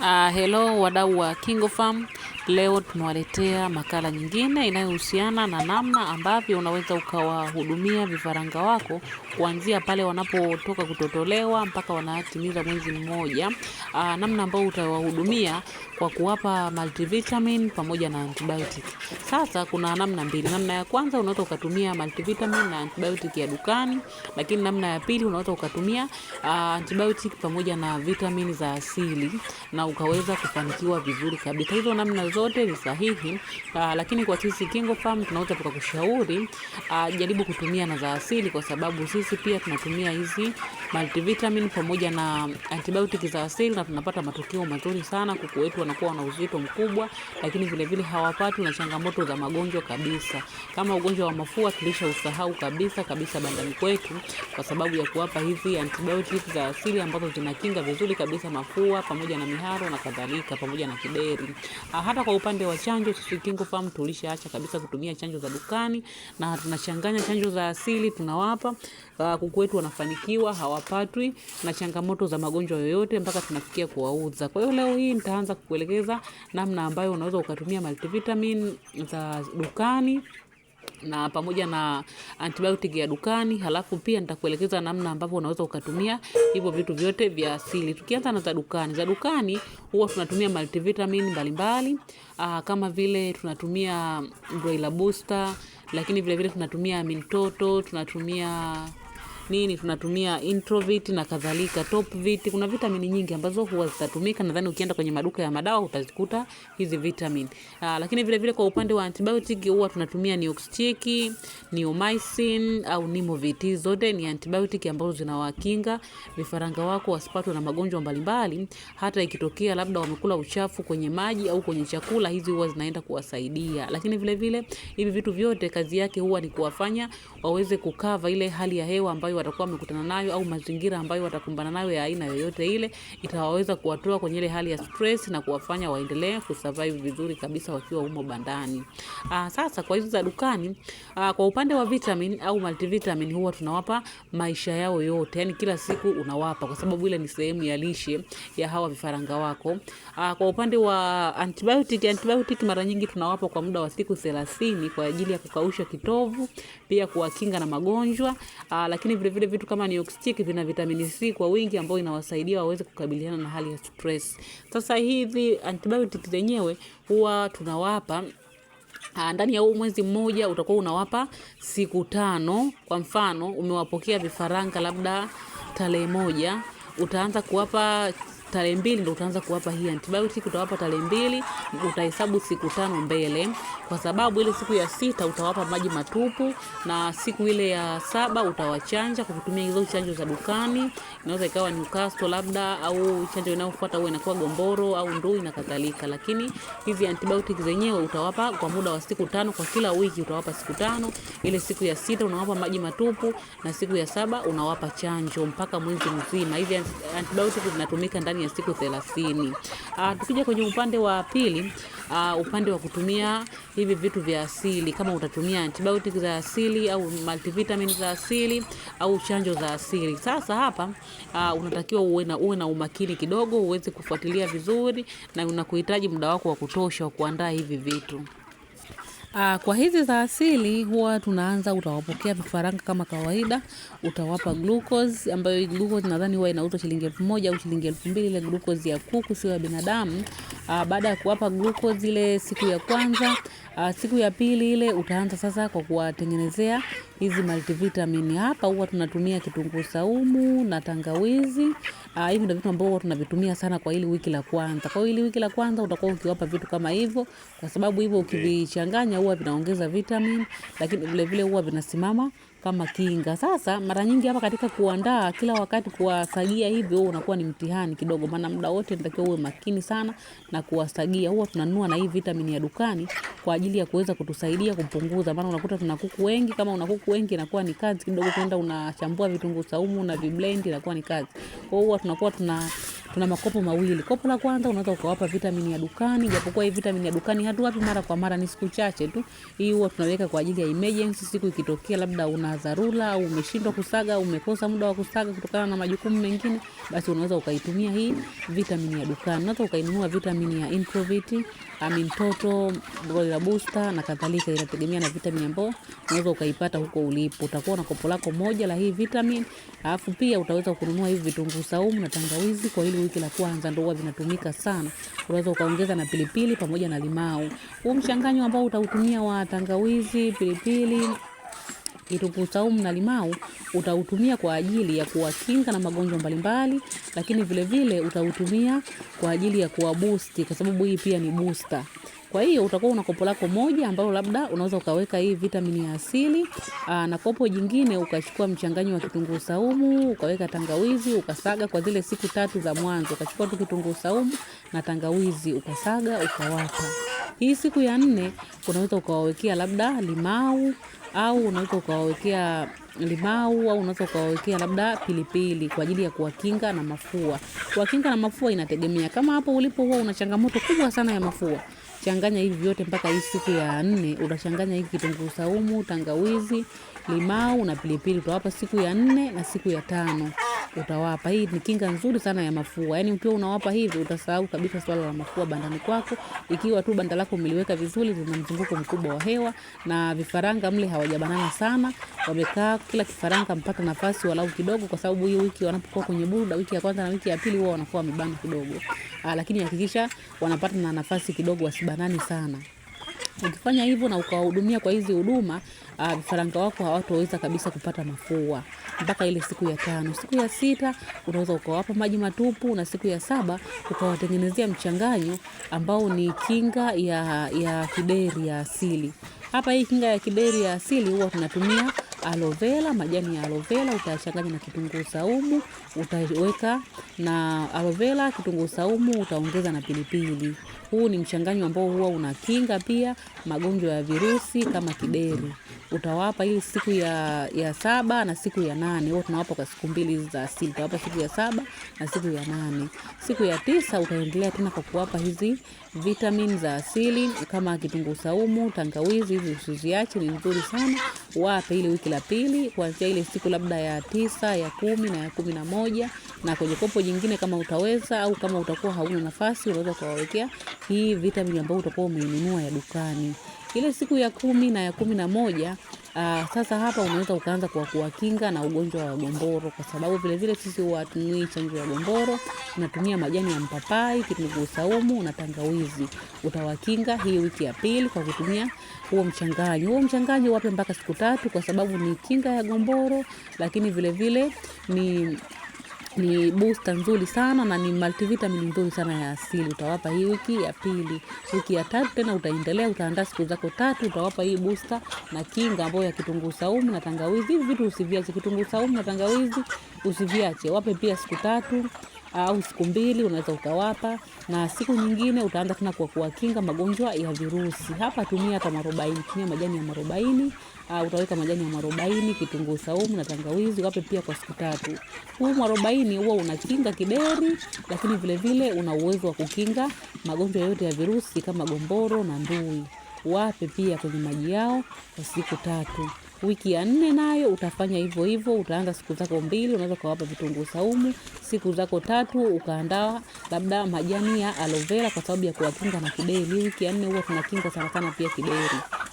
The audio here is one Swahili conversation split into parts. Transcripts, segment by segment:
Uh, hello wadau wa KingoFarm, leo tunawaletea makala nyingine inayohusiana na namna ambavyo unaweza ukawahudumia vifaranga wako kuanzia pale wanapotoka kutotolewa mpaka wanatimiza mwezi mmoja. Uh, namna ambayo utawahudumia kwa kuwapa multivitamin pamoja na antibiotic. Sasa kuna namna mbili. Namna ya kwanza unaweza ukatumia multivitamin na antibiotic ya dukani, lakini namna ya pili unaweza ukatumia uh, antibiotic pamoja na vitamin za asili na ukaweza kufanikiwa vizuri kabisa. Hizo namna zote ni sahihi, uh, lakini kwa sisi KingoFarm tunaweza tukakushauri uh, jaribu kutumia na za asili, kwa sababu sisi pia tunatumia hizi multivitamin pamoja na antibiotic za asili na tunapata matokeo mazuri sana kuku wetu wanakuwa na uzito mkubwa, lakini vile vile hawapati na changamoto za magonjwa kabisa. Kama ugonjwa wa mafua usahau kabisa kabisa bandani kwetu, kwa sababu ya kuwapa hizi antibiotics za asili ambazo zinakinga vizuri kabisa mafua pamoja na miharo na kadhalika, pamoja na kideri. Ah, hata kwa upande wa chanjo sisi Kingo KingoFarm tulishaacha kabisa kutumia chanjo za dukani na tunachanganya chanjo za asili tunawapa uh, kuku wetu wanafanikiwa, hawapatwi na changamoto za magonjwa yoyote mpaka tunafikia kuwauza. Kwa hiyo leo hii nitaanza kukuelekeza namna ambayo unaweza ukatumia multivitamin za dukani na pamoja na antibiotic ya dukani. Halafu pia nitakuelekeza namna ambavyo unaweza ukatumia hivyo vitu vyote vya asili. Tukianza na za dukani, za dukani huwa tunatumia multivitamin mbalimbali mbali, ah, kama vile tunatumia broiler booster, lakini vile vile tunatumia mintoto, tunatumia nini tunatumia introvit na kadhalika, top vit. Kuna vitamini nyingi ambazo huwa zitatumika, nadhani ukienda kwenye maduka ya madawa utazikuta hizi vitamini. Aa, ah, lakini vile vile kwa upande wa antibiotic huwa tunatumia Neoxytic, Neomycin au Nimovit. Hizi zote ni antibiotic ambazo zinawakinga vifaranga wako wasipatwe na magonjwa mbalimbali, hata ikitokea labda wamekula uchafu kwenye maji au kwenye chakula, hizi huwa zinaenda kuwasaidia. Lakini vile vile hivi vitu vyote kazi yake huwa ni kuwafanya waweze kukava ile hali ya hewa ambayo watakuwa wamekutana nayo au mazingira ambayo watakumbana nayo ya aina yoyote ile, itawaweza kuwatoa kwenye ile hali ya stress na kuwafanya waendelee kusurvive vizuri kabisa wakiwa humo bandani. Aa, ah, sasa kwa hizo za dukani, aa, ah, kwa upande wa vitamin au multivitamin huwa tunawapa maisha yao yote, yani kila siku unawapa kwa sababu ile ni sehemu ya lishe ya hawa vifaranga wako. Aa, ah, kwa upande wa antibiotic, antibiotic mara nyingi tunawapa kwa muda wa siku 30 kwa ajili ya kukausha kitovu, pia kuwakinga na magonjwa. Aa, lakini vile vile vitu kama nioxtic vina vitamini C kwa wingi ambayo inawasaidia waweze kukabiliana na hali ya stress. Sasa hivi antibiotic zenyewe huwa tunawapa ah, ndani ya huu mwezi mmoja utakuwa unawapa siku tano. Kwa mfano, umewapokea vifaranga labda tarehe moja, utaanza kuwapa tarehe mbili ndo utaanza kuwapa hii antibiotic. Utawapa tarehe mbili, utahesabu siku tano mbele, kwa sababu ile siku ya sita utawapa maji matupu, na siku ile ya saba utawachanja kwa kutumia hizo chanjo za dukani. Inaweza ikawa Newcastle labda, au chanjo inayofuata huwa inakuwa gomboro au ndui na kadhalika. Lakini hizi antibiotic zenyewe utawapa kwa muda wa siku tano, kwa kila wiki utawapa siku tano. Ile siku ya sita unawapa maji matupu, na siku ya saba unawapa chanjo mpaka mwezi mzima. Hizi antibiotic zinatumika ndani ya siku thelathini. Uh, tukija kwenye upande wa pili uh, upande wa kutumia hivi vitu vya asili, kama utatumia antibiotic za asili au multivitamin za asili au chanjo za asili. Sasa hapa uh, unatakiwa uwe na uwe na umakini kidogo, uweze kufuatilia vizuri, na unakuhitaji muda wako wa kutosha wa kuandaa hivi vitu. Aa, ah, kwa hizi za asili huwa tunaanza, utawapokea vifaranga kama kawaida, utawapa glucose ambayo glucose nadhani huwa inauzwa shilingi elfu moja au shilingi elfu mbili ile glucose ya kuku, sio ya binadamu. Aa, ah, baada ya kuwapa glucose ile siku ya kwanza, aa, ah, siku ya pili ile utaanza sasa kwa kuwatengenezea hizi multivitamin. Hapa huwa tunatumia kitunguu saumu na tangawizi. Ah, hivi ndio vitu ambavyo tunavitumia sana kwa ili wiki la kwanza. Kwa ili wiki la kwanza utakuwa ukiwapa vitu kama hivyo, kwa sababu hivyo ukivichanganya huwa vinaongeza vitamin, lakini vile vile huwa vinasimama kama kinga. Sasa mara nyingi hapa katika kuandaa kila wakati kuwasagia hivi huwa unakuwa ni mtihani kidogo, maana muda wote natakiwa uwe makini sana na kuwasagia. Huwa tunanunua na hii vitamini ya dukani kwa ajili ya kuweza kutusaidia kupunguza, maana unakuta tuna kuku wengi. Kama una kuku wengi inakuwa ni kazi kidogo, kwenda unachambua vitunguu saumu na viblendi inakuwa ni kazi. Kwa hiyo huwa tunakuwa tuna tuna makopo mawili. Kopo la kwanza unaweza ukawapa vitamini ya dukani, japokuwa hii vitamini ya dukani hatuwapi mara kwa mara, ni siku chache tu. Hii huwa tunaweka kwa ajili ya emergency, siku ikitokea labda una dharura au umeshindwa kusaga, umekosa muda wa kusaga kutokana na majukumu mengine, basi unaweza ukaitumia hii vitamini ya dukani. Unaweza ukainunua vitamini ya Introvit, Amin Toto, Broiler Booster na kadhalika, inategemea na vitamini ambayo unaweza ukaipata huko ulipo. Utakuwa na kopo lako moja la hii vitamini, alafu pia utaweza kununua hivi vitunguu saumu na tangawizi kwa hili wiki la kwanza ndo huwa vinatumika sana. Unaweza ukaongeza na pilipili pamoja na limau. Huu mchanganyo ambao utautumia wa tangawizi, pilipili kitunguu saumu na limau utautumia kwa ajili ya kuwakinga na magonjwa mbalimbali, lakini vilevile utautumia kwa ajili ya kuwabusti, kwa sababu hii pia ni booster. Kwa hiyo utakuwa una kopo lako moja ambalo labda unaweza ukaweka hii vitamini ya asili aa, na kopo jingine ukachukua mchanganyo wa kitunguu saumu ukaweka tangawizi ukasaga kwa zile siku tatu za mwanzo, ukachukua tu kitunguu saumu na tangawizi ukasaga ukawapa. Hii siku ya nne unaweza ukawawekea labda limau au unaweza ukawawekea limau au unaweza ukawawekea labda pilipili kwa ajili ya kuwakinga na mafua. Kuwakinga na mafua inategemea kama hapo ulipo huwa una changamoto kubwa sana ya mafua Changanya hivi vyote mpaka hii siku ya nne, utachanganya hivi kitunguu saumu, tangawizi, limau na pilipili, utawapa siku ya nne na siku ya tano utawapa. Hii ni kinga nzuri sana ya mafua, yani ukiwa unawapa hivi utasahau kabisa swala la mafua bandani kwako, ikiwa tu banda lako umeliweka vizuri, lina mzunguko mkubwa wa hewa na vifaranga mle hawajabanana sana, wamekaa kila kifaranga mpaka nafasi walau kidogo, kwa sababu hii wiki wanapokuwa kwenye burda, wiki ya kwanza na wiki ya pili huwa wanakuwa wamebana kidogo, ah, lakini hakikisha wanapata na nafasi kidogo, wasibanani sana. Ukifanya hivyo na ukawahudumia kwa hizi huduma uh, ah, vifaranga wako hawatoweza kabisa kupata mafua mpaka ile siku ya tano. Siku ya sita unaweza ukawapa maji matupu, na siku ya saba ukawatengenezea mchanganyo ambao ni kinga ya, ya kideri ya asili. Hapa hii kinga ya kideri ya asili huwa tunatumia aloe vera, majani ya aloe vera utayachanganya na kitunguu saumu, utaweka na aloe vera, kitunguu saumu, utaongeza na pilipili. Huu ni mchanganyo ambao huwa unakinga pia magonjwa ya virusi kama kideri. Utawapa hii siku ya, ya saba na siku ya nane. Huwa tunawapa kwa siku mbili za asili. Utawapa siku ya saba na siku ya nane. Siku ya tisa utaendelea tena kwa kuwapa hizi vitamini za asili kama kitunguu saumu, tangawizi. Hizi usiziache, ni nzuri sana wape ile wiki la pili kuanzia ile siku labda ya tisa ya kumi na ya kumi na moja na kwenye kopo jingine kama utaweza au kama utakuwa hauna nafasi unaweza kuwawekea hii vitamini ambayo utakuwa umeinunua ya dukani. Ile siku ya kumi na ya kumi na moja Uh, sasa hapa unaweza ukaanza kwa kuwakinga na ugonjwa wa gomboro, kwa sababu vilevile sisi huwa hatumii chanjo ya gomboro, unatumia majani ya mpapai, kitunguu saumu na tangawizi. Utawakinga hii wiki ya pili kwa kutumia huo mchanganyo. Huo mchanganyo wape mpaka siku tatu, kwa sababu ni kinga ya gomboro, lakini vilevile ni ni booster nzuri sana na ni multivitamin nzuri sana ya asili. Utawapa hii wiki ya pili, wiki ya tatu tena utaendelea, utaandaa siku zako tatu, utawapa hii booster na kinga ambayo ya kitunguu saumu na tangawizi. Hivi vitu usiviache, kitunguu saumu na tangawizi usiviache, wape pia siku tatu au siku mbili unaweza ukawapa, na siku nyingine utaanza tena kwa kuwakinga magonjwa ya virusi. Hapa tumia hata marobaini, tumia majani ya marobaini. Uh, utaweka majani ya marobaini, kitunguu saumu na tangawizi, wape pia kwa siku tatu. Huu marobaini huwa unakinga kideri, lakini vilevile una uwezo wa kukinga magonjwa yote ya virusi kama gomboro na ndui. Wape pia kwenye maji yao kwa siku tatu. Wiki ya nne nayo utafanya hivyo hivyo, utaanza siku zako mbili, unaweza ukawapa vitunguu saumu. Siku zako tatu ukaandaa labda majani ya aloe vera kwa sababu ya kuwakinga na kideri. Wiki ya nne huwa tunakinga sana sana pia kideri,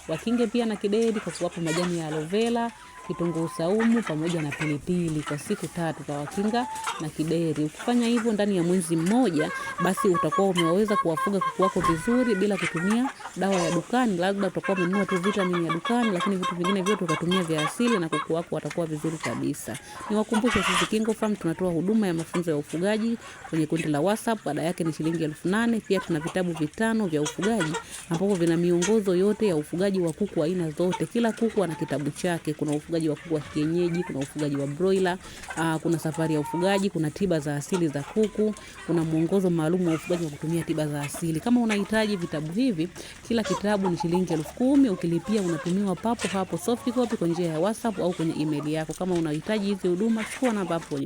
wakinge pia na kideri kwa kuwapa majani ya aloe vera kitunguu saumu pamoja na pilipili kwa siku tatu za wakinga na kideri. Ukifanya hivyo ndani ya mwezi mmoja, basi utakuwa umeweza kuwafuga kuku wako vizuri bila kutumia dawa ya dukani. Labda utakuwa umenunua tu vitamini ya dukani, lakini vitu vingine vyote ukatumia vya asili na kuku wako watakuwa vizuri kabisa. Niwakumbushe sisi Kingo Farm tunatoa huduma ya mafunzo ya ufugaji kwenye kundi la WhatsApp, ada yake ni shilingi elfu nane. Pia tuna vitabu vitano vya ufugaji ambapo vina miongozo yote ya ufugaji wa kuku aina zote. Kila kuku ana kitabu chake. Kuna ufugaji ufugaji wa kuku wa kienyeji, kuna ufugaji wa broiler, uh, kuna safari ya ufugaji, kuna tiba za asili za kuku, kuna mwongozo maalum wa ufugaji wa kutumia tiba za asili. Kama unahitaji vitabu hivi, kila kitabu ni shilingi elfu kumi. Ukilipia unatumiwa papo hapo soft copy kwa njia ya WhatsApp au kwenye email yako. Kama unahitaji hizi huduma, chukua namba hapo.